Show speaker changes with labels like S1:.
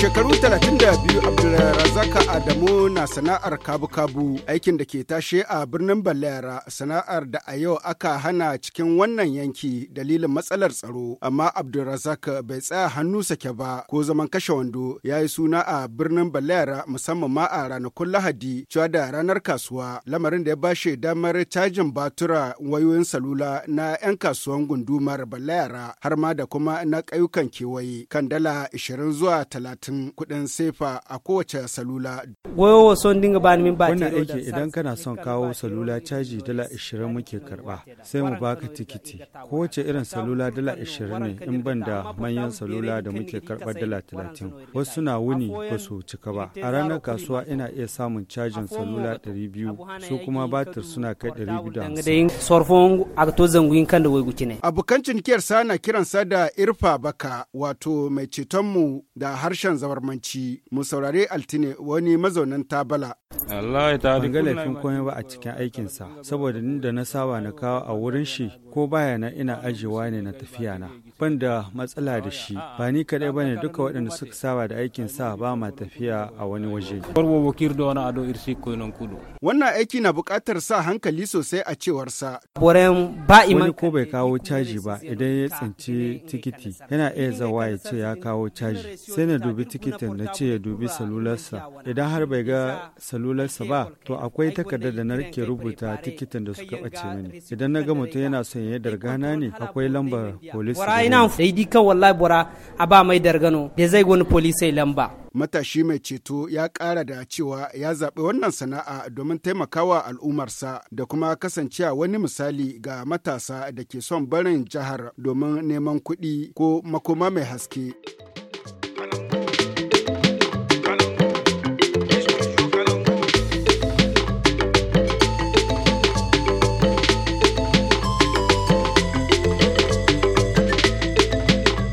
S1: shekaru 32 abdulrazaka adamu na sana'ar kabu-kabu aikin da ke tashe a birnin balera sana'ar da a yau aka hana cikin wannan yanki dalilin matsalar tsaro amma Abdulrazaka bai tsaya hannu sake ba ko zaman kashe wando ya yi suna a birnin balera musamman ma a ranakun lahadi cewa da ranar kasuwa lamarin da ya ba shi damar cajin batura wayoyin salula na 'yan kasuwan gundumar balera har ma da kuma na ƙauyukan kewaye kan dala 20 zuwa 30 talatin kuɗin sefa a kowace salula.
S2: dinga bani min ba Wannan aiki idan kana son kawo salula caji dala ishirin muke karɓa sai mu baka tikiti. Kowace irin salula dala ishirin ne in ban da manyan salula da muke karba dala talatin. Wasu na wuni ba su cika ba. A ranar kasuwa ina iya samun cajin salula ɗari biyu su kuma batir suna kai ɗari biyu da hamsin. Abokan cinikiyar sana kiransa
S1: da Irfa Baka wato mai cetonmu da harshen harshen zabarmanci mu saurari altine wani mazaunin tabala
S2: Allah ya ga laifin komai ba a cikin aikinsa saboda ni da na saba na kawo a wurin shi ko baya na ina ajewa ne na tafiya na ban da matsala da shi ba ni kadai bane duka waɗanda suka saba da aikin sa ba ma tafiya a wani waje wannan aiki na buƙatar sa hankali
S1: sosai a cewar sa
S2: wani ko bai kawo caji ba idan ya tsinci tikiti yana iya zawa ya ce ya kawo caji sai na dubi tikitin na ce ya dubi salularsa idan har bai ga salular celularsa ba to akwai takardar da na ke rubuta tikitin da suka bace mini idan na ga mutum yana son ya dargana ne akwai lambar police sai di kan wallahi bora a ba mai dargano da zai wani polisai lamba matashi mai
S1: ceto ya ƙara da cewa ya zaɓi wannan sana'a domin taimakawa al'ummarsa da kuma kasancewa wani misali ga matasa da ke son barin jihar domin neman kuɗi ko makoma mai haske.